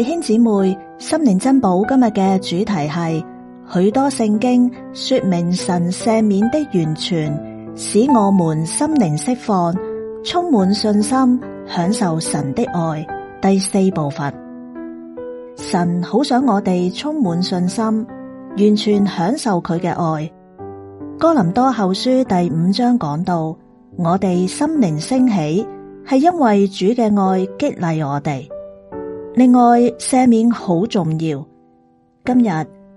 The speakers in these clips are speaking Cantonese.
弟兄姊妹，心靈珍寶今日嘅主題係許多聖經說明神赦免的完全，使我們心靈釋放，充滿信心，享受神的愛。第四部分，神好想我哋充滿信心，完全享受佢嘅愛。哥林多後書第五章講到，我哋心靈升起，係因為主嘅愛激勵我哋。另外，赦免好重要。今日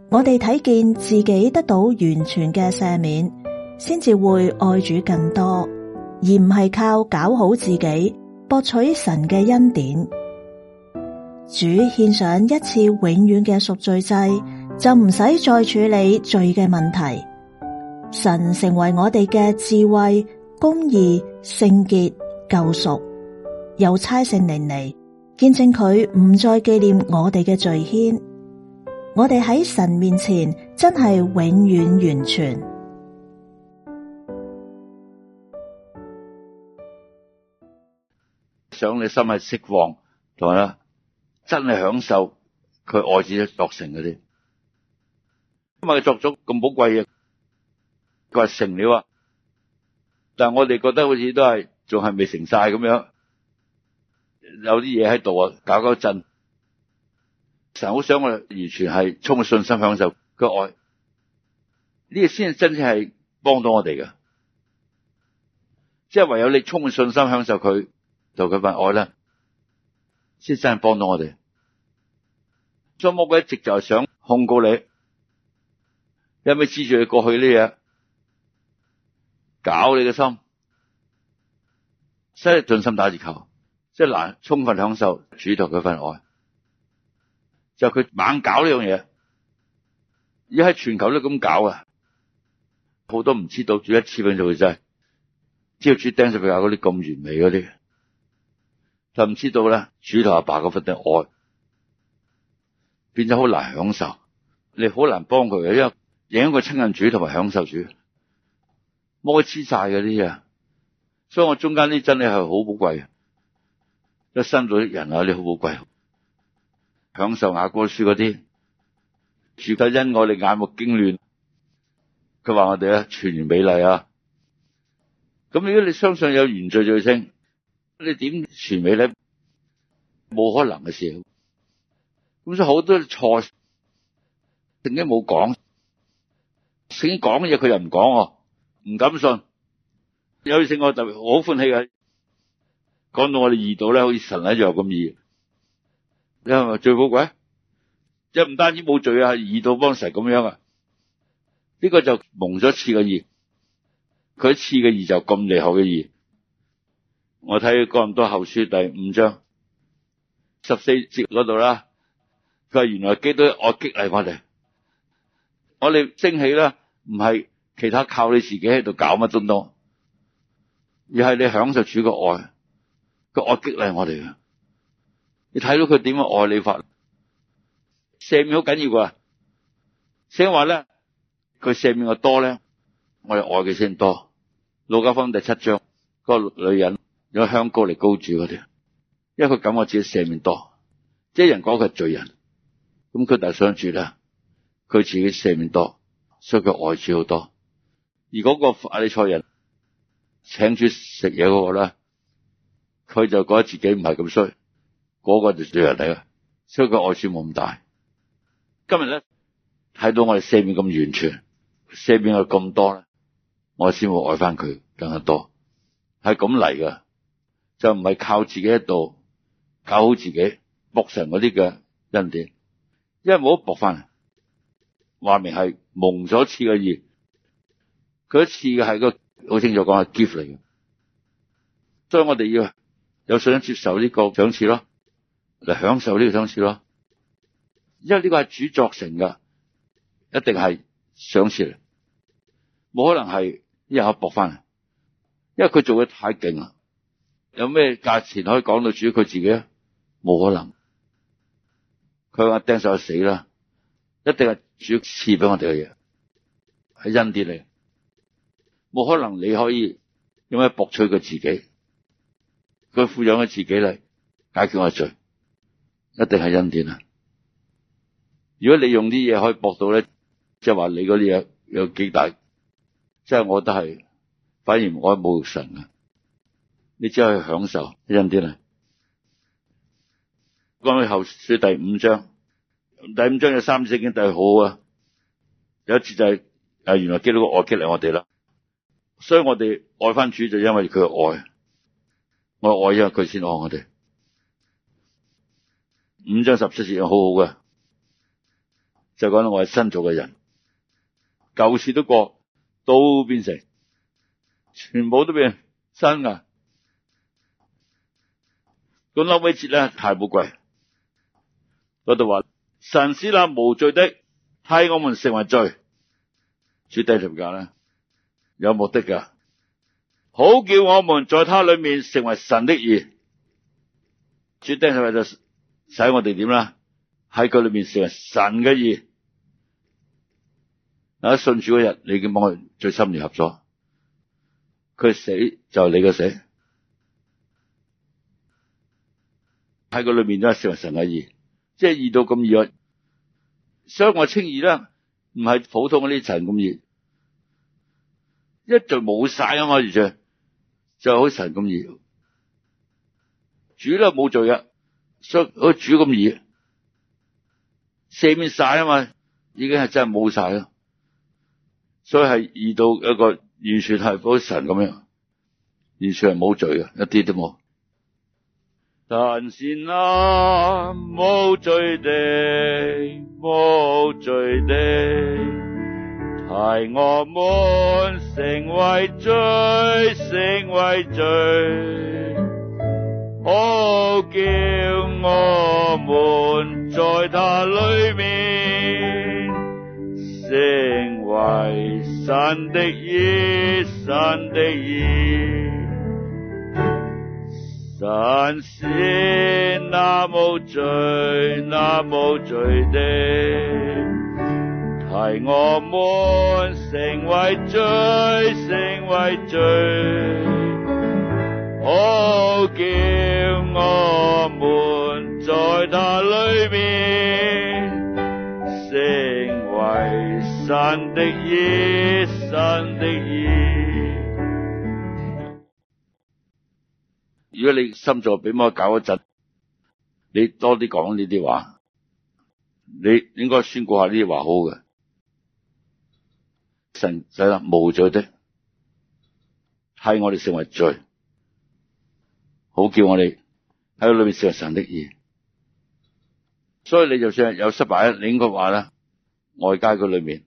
我哋睇見自己得到完全嘅赦免，先至會愛主更多，而唔係靠搞好自己博取神嘅恩典。主獻上一次永遠嘅贖罪祭，就唔使再處理罪嘅問題。神成為我哋嘅智慧、公義、聖潔、救贖，又差聖靈嚟。見證佢唔再紀念我哋嘅罪愆，我哋喺神面前真係永遠完全。想你心係釋放，同埋咧，真係享受佢愛自己作成嗰啲，因為佢作咗咁寶貴嘅，佢成了啊！但係我哋覺得好似都係仲係未成晒咁樣。有啲嘢喺度啊，搞搞震，神好想我完全係充滿信心享受佢愛，呢個先真正係幫到我哋嘅，即係唯有你充滿信心享受佢同佢份愛啦，先真係幫到我哋。張魔鬼一直就係想控告你，有咩記住你過去呢嘢，搞你嘅心，真係盡心打折扣。即係難充分享受主頭佢份愛，就佢、是、猛搞呢樣嘢，而家喺全球都咁搞啊！好多唔知道主，知道主一次佢就制，只要主釘食皮下嗰啲咁完美嗰啲，就唔知道呢主頭阿爸嗰份嘅愛變咗好難享受，你好難幫佢啊！因為影響佢親近主同埋享受主，磨黐晒嗰啲嘢，所以我中間啲真係係好寶貴。一生做啲人啊，你好寶貴，享受阿哥書嗰啲，主家因我哋眼目經亂，佢話我哋啊全然美麗啊，咁如果你相信有原罪罪清，你點全美咧？冇可能嘅事，咁所以好多錯，點解冇講？先講嘅嘢佢又唔講、啊，唔敢信。有啲聖愛特別我好歡喜嘅。講到我哋二度咧，好似神一樣咁二，因咪最寶貴，即係唔單止冇罪啊，二道幫神咁樣啊，呢、這個就蒙咗次嘅二，佢次嘅二就咁厲害嘅二。我睇佢講多後書第五章十四節嗰度啦，佢話原來基督愛，激勵我哋，我哋升起啦，唔係其他靠你自己喺度搞乜東東，而係你享受主嘅愛。佢愛激勵我哋嘅，你睇到佢點樣愛你法，赦免好緊要噶。所以話咧，佢赦免嘅多咧，我哋愛佢先多。路加福音第七章嗰、那個女人有香膏嚟膏住嗰啲，因為佢感覺自己赦免多，即係人講佢係罪人，咁佢就想住咧，佢自己赦免多，所以佢愛住好多。而嗰個法利賽人請住食嘢嗰個咧。佢就覺得自己唔係咁衰，嗰、那個就罪人嚟啦，所以佢愛少冇咁大。今日咧睇到我哋赦免咁完全，赦免佢咁多咧，我先會愛翻佢更加多，係咁嚟噶，就唔係靠自己喺度搞好自己，博神嗰啲嘅恩典，因為冇得博翻，話明係蒙咗次嘅意，佢嗰次係個好清楚講係 gift 嚟嘅，所以我哋要。有想接受呢個賞賜咯，嚟享受呢個賞賜咯，因為呢個係主作成嘅，一定係賞賜嚟，冇可能係一下博返嚟，因為佢做得太勁啦，有咩價錢可以講到主佢自己咧？冇可能，佢話掟手就死啦，一定係主賜俾我哋嘅嘢，係恩典嚟，冇可能你可以點樣博取佢自己。佢撫養佢自己啦，解決我的罪，一定係恩典啦。如果你用啲嘢，可以博到咧，即係話你嗰啲嘢有幾大，即係我都係，反而我冇神啊，你只係享受恩典啦。講到後書第五章，第五章有三四經都係好啊。有一次就係啊，原來基督個愛激勵我哋啦，所以我哋愛翻主就因為佢個愛。我愛因佢先愛我哋。五章十七節好好嘅，就講到我係新造嘅人，舊事都過，都變成，全部都變成新噶。咁拉尾節咧太寶貴，嗰度話神使那無罪的替我們成為罪，最低條格咧有目的噶。好叫我們在他裡面成為神的義，絕對係為咗使我哋點啦？喺佢裡面成為神嘅義。嗱，信主嗰日，你點幫佢最深入合作？佢死就係你嘅死。喺佢裡面都係成為神嘅義，即係義到咁義，所以我稱義咧，唔係普通嗰啲層咁義，一聚冇晒啊嘛，完全。就好似神咁易，主都冇罪所以呀。好似主咁易，赦免晒吖嘛，已經係真係冇晒。所以係遇到一個完全係好似神咁樣，完全係冇罪呀。一啲都冇，但善啦、啊，冇罪嘅，冇罪嘅。替我們成為罪，成為罪。好叫我們在祂裡面成為神的義，神的義。神使那無罪，那無罪的。替我們成為罪，成為罪，好叫我們在祂裡面成為神的義，神的義。如果你心臟俾我搞一陣，你多啲講呢啲話，你應該宣告下呢啲話好嘅。神使那，無罪的，替我哋成為罪，好叫我哋喺裏面成為神的義。所以你就算有失敗，你應該話咧，外界佢裏面，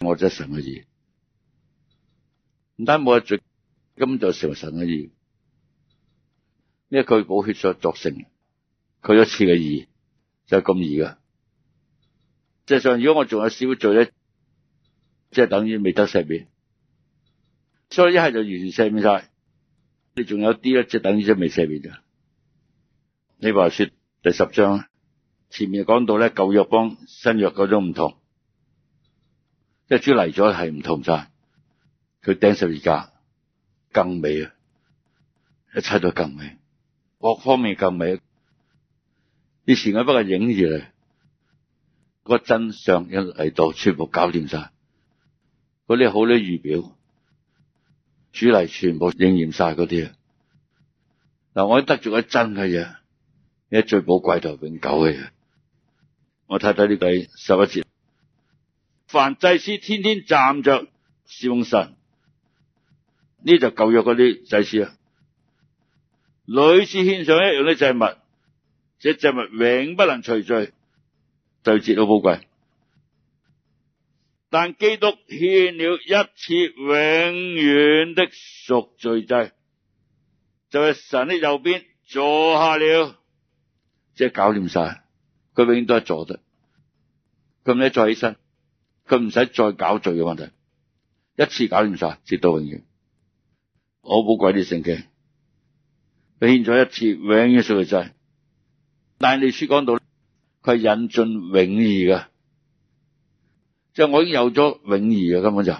我即係神嘅義，唔單冇有罪，根本就成為神嘅義，因為佢補血所作成，佢一次嘅義就係咁易噶。實際上，如果我仲有少罪咧。即係等於未得赦免，所以一係就完全赦免晒。你仲有啲呢，即係等於即未赦免咋？你話說第十章前面講到咧，舊約幫新約嗰種唔同，即係主嚟咗係唔同晒。佢頂十二格，更美啊，一切都更美，各方面更美。以前嗰不過影住嚟，嗰個真相一嚟到，全部搞掂晒。嗰啲好多預表，主嚟全部應驗晒嗰啲啊！嗱，我得著個真嘅嘢，嘢最寶貴同永久嘅嘢。我睇睇呢第十一節，凡祭司天天站着事奉神，呢就舊約嗰啲祭司啊，屢次獻上一樣啲祭物，這祭物永不能除罪，對節好寶貴。但基督獻了一次永遠的贖罪祭，就喺、是、神的右邊坐下了，即係搞掂晒。佢永遠都係坐得，佢唔使再起身，佢唔使再搞罪嘅問題，一次搞掂晒，直到永遠。好寶貴啲聖經，佢獻咗一次永遠贖罪祭，但係以理書講到，佢係引進永義嘅。即我已經有咗永義啊，根本就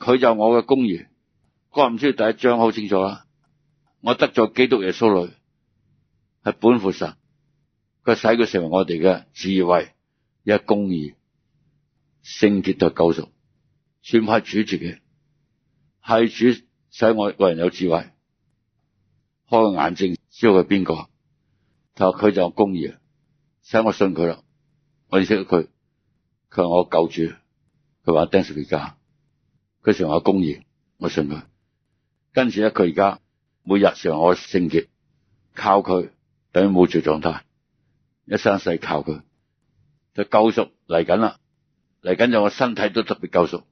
佢就是我嘅公義，我唔知第一章好清楚啦。我得咗基督耶穌裏，係本乎神，佢使佢成為我哋嘅智慧，一公義、聖潔就救贖，算派主席嘅，係主使我個人有智慧，開個眼睛知道佢係邊個，他就佢就公義，使我信佢啦，我認識咗佢。佢話我救主。佢話 d a n c e 而家佢成為我公義，我信佢。跟住咧，佢而家每日成為我的聖潔，靠佢等於冇罪狀態，一生一世靠佢。就救贖嚟緊啦，嚟緊就我身體都特別救贖，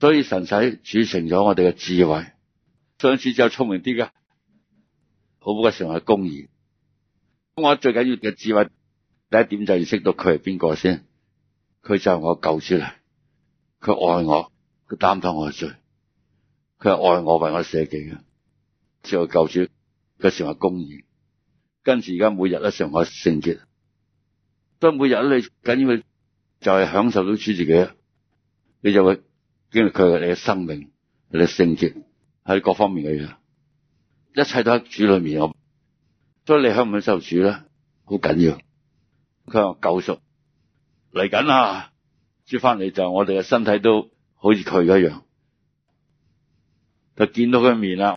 所以神使處成咗我哋嘅智慧。上次就聰明啲㗎，好冇嘅成為公義。咁我最緊要嘅智慧，第一點就認識到佢係邊個先。佢就係我救主嚟，佢愛我，佢擔當我嘅罪，佢係愛我為我捨己嘅。作為救主，佢成為公義，跟住而家每日都成為聖潔，所以每日你緊要就係享受到主自己，你就會經歷佢嘅你嘅生命、你嘅聖潔喺各方面嘅嘢，一切都喺主裏面有。所以你享唔享受主咧，好緊要。佢係我救贖。嚟緊啊！接翻嚟就我哋嘅身體都好似佢一樣，就見到佢面啦。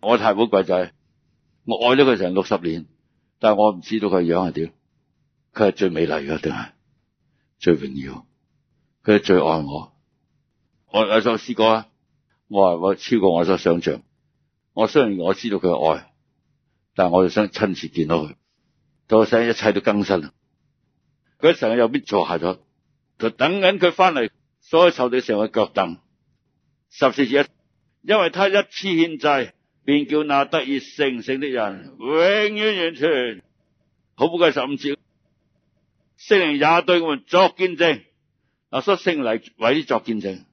我太寶貴仔，我愛咗佢成六十年，但係我唔知道佢樣係點。佢係最美麗嘅，定係最榮耀。佢係最愛我。我有就試過啊，我話我超過我所想象。我雖然我知道佢愛，但係我哋想親自見到佢，就想一切都更新。佢成日右邊坐下咗，就等緊佢翻嚟，所以受到成個腳凳。十四節，因為他一次獻祭，便叫那得以成聖的人永遠完全。好估計十五節，聖靈也對我們作見證，阿叔聖靈嚟為了作見證。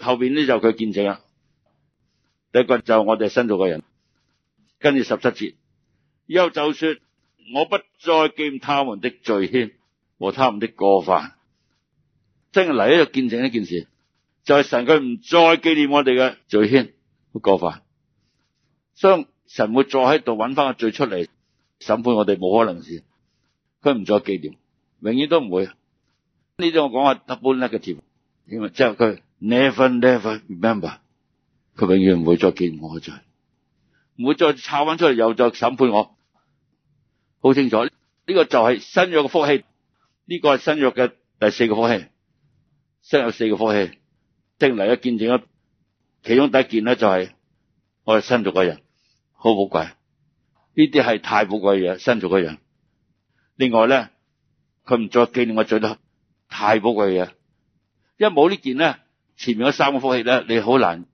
後邊呢就佢見證啦，第一個就是我哋新造嘅人，跟住十七節，以後就說。我不再記念他們的罪愆和他們的過犯，即係嚟呢度見證一件事，就係、是、神佢唔再紀念我哋嘅罪愆過犯，所以神會再喺度揾翻個罪出嚟審判我哋，冇可能事，佢唔再紀念，永遠都唔會。呢啲我講話 double negative，因為即係佢 never never remember，佢永遠唔會再記我嘅罪，唔會再抄翻出嚟又再審判我。好清楚呢個就係新約嘅福氣，呢個係新約嘅第四個福氣，新約有四個福氣，定嚟一見證一，其中第一件咧就係我係新造嘅人，好寶貴，呢啲係太寶貴嘅嘢，新造嘅人。另外咧，佢唔再紀念我做得太寶貴嘅嘢，因為冇呢件咧，前面嗰三個福氣咧，你好難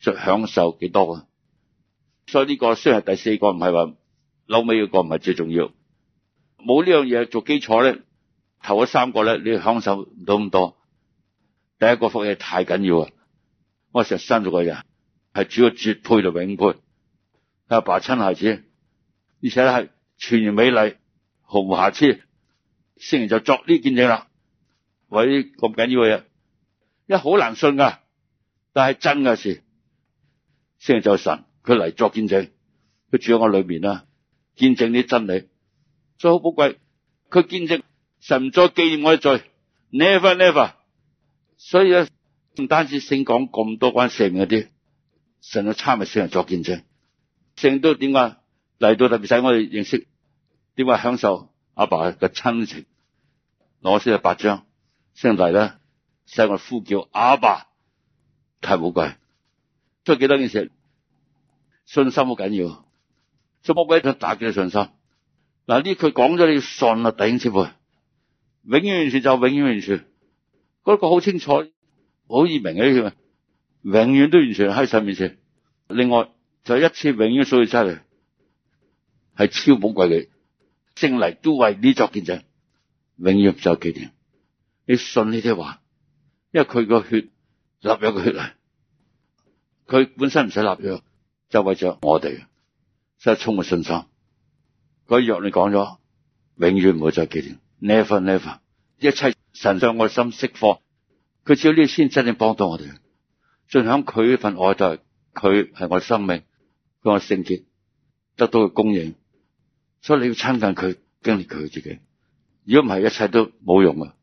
再享受幾多嘅。所以呢個雖然係第四個，唔係話。老尾一個唔係最重要，冇呢樣嘢做基礎咧，頭嗰三個咧你享受唔到咁多。第一個福氣太緊要啊！我成日生咗個人係主要絕配同永配，阿爸親孩子，而且係全然美麗、毫無瑕疵。聖靈就作呢見證啦。這重為咁緊要嘅嘢，一好難信噶，但係真嘅事，聖靈就神佢嚟作見證，佢住喺我裏面啦。見證啲真理，最好寶貴，佢見證神再紀念我嘅罪 never never 所以唔單止聖講咁多關於嗰啲，神嘅差咪聖人作見證，聖都點啊嚟到特別使我哋認識點解享受阿爸嘅親情，攞書係八章，先嚟咧，使我呼叫阿爸，爸，太寶貴，都係幾多件事，信心好緊要。最寶貴一打擊嘅信心，嗱呢，佢講咗你要信啊，頂師永遠完全就永遠完全。嗰、嗰個好清楚，好易明嘅呢句，永遠都完全喺上面前。另外就一次永遠掃到出嚟，係超寶貴嘅，正嚟都為呢作見證，永遠唔再紀念，你信呢啲話，因為佢個血立約嘅血嚟，佢本身唔使立約，就為咗我哋。即係充滿信心，佢約你講咗，永遠唔會再記念 never 呢 e 份呢份，一切神上我心釋放，佢只要呢先真正幫到我哋。盡享佢份愛就係，佢係我生命，佢我聖潔得到嘅供應，所以你要親近佢，經歷佢自己。如果唔係，一切都冇用啊！